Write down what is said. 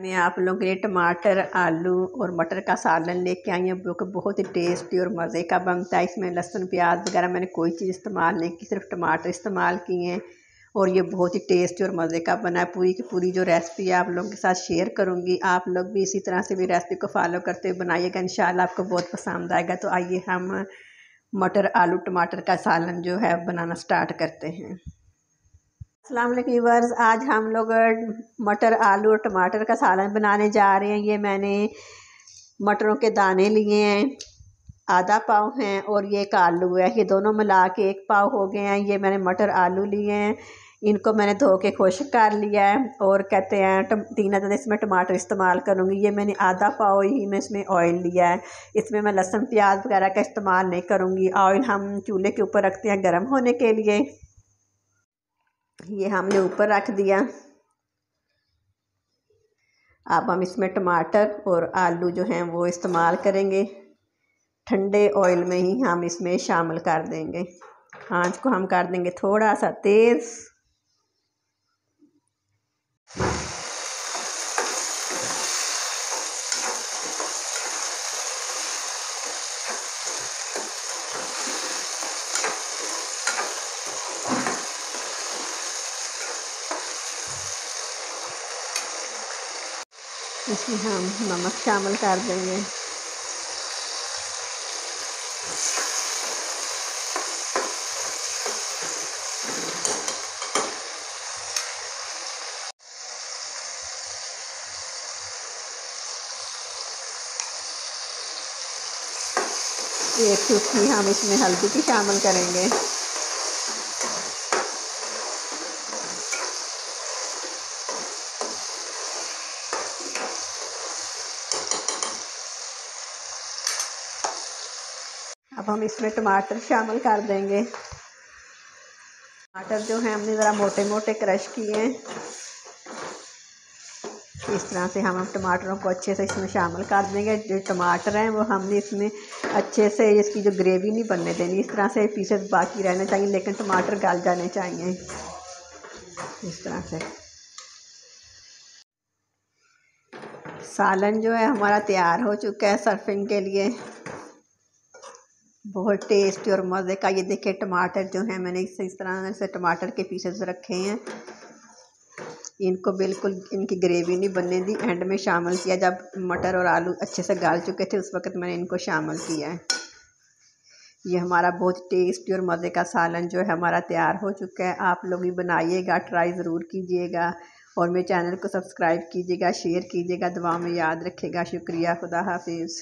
मैं आप लोगों के लिए टमाटर आलू और मटर का सालन लेके आई हूँ जो कि बहुत ही टेस्टी और मज़े का बनता है इसमें लहसुन प्याज वगैरह मैंने कोई चीज़ इस्तेमाल नहीं की सिर्फ टमाटर इस्तेमाल किए हैं और ये बहुत ही टेस्टी और मज़े का बना है पूरी की पूरी जो रेसिपी है आप लोगों के साथ शेयर करूँगी आप लोग भी इसी तरह से भी रेसिपी को फॉलो करते हुए बनाइएगा इन आपको बहुत पसंद आएगा तो आइए हम मटर आलू टमाटर का सालन जो है बनाना स्टार्ट करते हैं अस्सलाम वालेकुम वीवर्स आज हम लोग मटर आलू और टमाटर का सालन बनाने जा रहे हैं ये मैंने मटरों के दाने लिए हैं आधा पाव हैं और ये एक आलू है ये दोनों मिला के एक पाव हो गए हैं ये मैंने मटर आलू लिए हैं इनको मैंने धो के खुश कर लिया है और कहते हैं टम, तीन हजार इसमें टमाटर इस्तेमाल करूँगी ये मैंने आधा पाव ही में इसमें ऑयल लिया है इसमें मैं लहसुन प्याज वगैरह का इस्तेमाल नहीं करूँगी ऑयल हम चूल्हे के ऊपर रखते हैं गर्म होने के लिए ये हमने ऊपर रख दिया अब हम इसमें टमाटर और आलू जो हैं वो इस्तेमाल करेंगे ठंडे ऑयल में ही हम इसमें शामिल कर देंगे आंच हाँ, को हम कर देंगे थोड़ा सा तेज़ इसमें हम नमक शामिल कर देंगे एक चुटकी हम इसमें हल्दी की शामिल करेंगे अब हम इसमें टमाटर शामिल कर देंगे टमाटर जो है हमने ज़रा मोटे मोटे क्रश किए हैं इस तरह से हम टमाटरों को अच्छे से इसमें शामिल कर देंगे जो टमाटर हैं वो हमने इसमें अच्छे से इसकी जो ग्रेवी नहीं बनने देनी इस तरह से पीसेस बाकी रहने चाहिए लेकिन टमाटर गल जाने चाहिए इस तरह से सालन जो है हमारा तैयार हो चुका है सर्फिंग के लिए बहुत टेस्टी और मज़े का ये देखिए टमाटर जो है मैंने इस इस तरह से टमाटर के पीसेस रखे हैं इनको बिल्कुल इनकी ग्रेवी नहीं बनने दी एंड में शामिल किया जब मटर और आलू अच्छे से गाल चुके थे उस वक्त मैंने इनको शामिल किया है ये हमारा बहुत टेस्टी और मज़े का सालन जो है हमारा तैयार हो चुका है आप लोग भी बनाइएगा ट्राई ज़रूर कीजिएगा और मेरे चैनल को सब्सक्राइब कीजिएगा शेयर कीजिएगा दवा में याद रखेगा शुक्रिया खुदा हाफिज़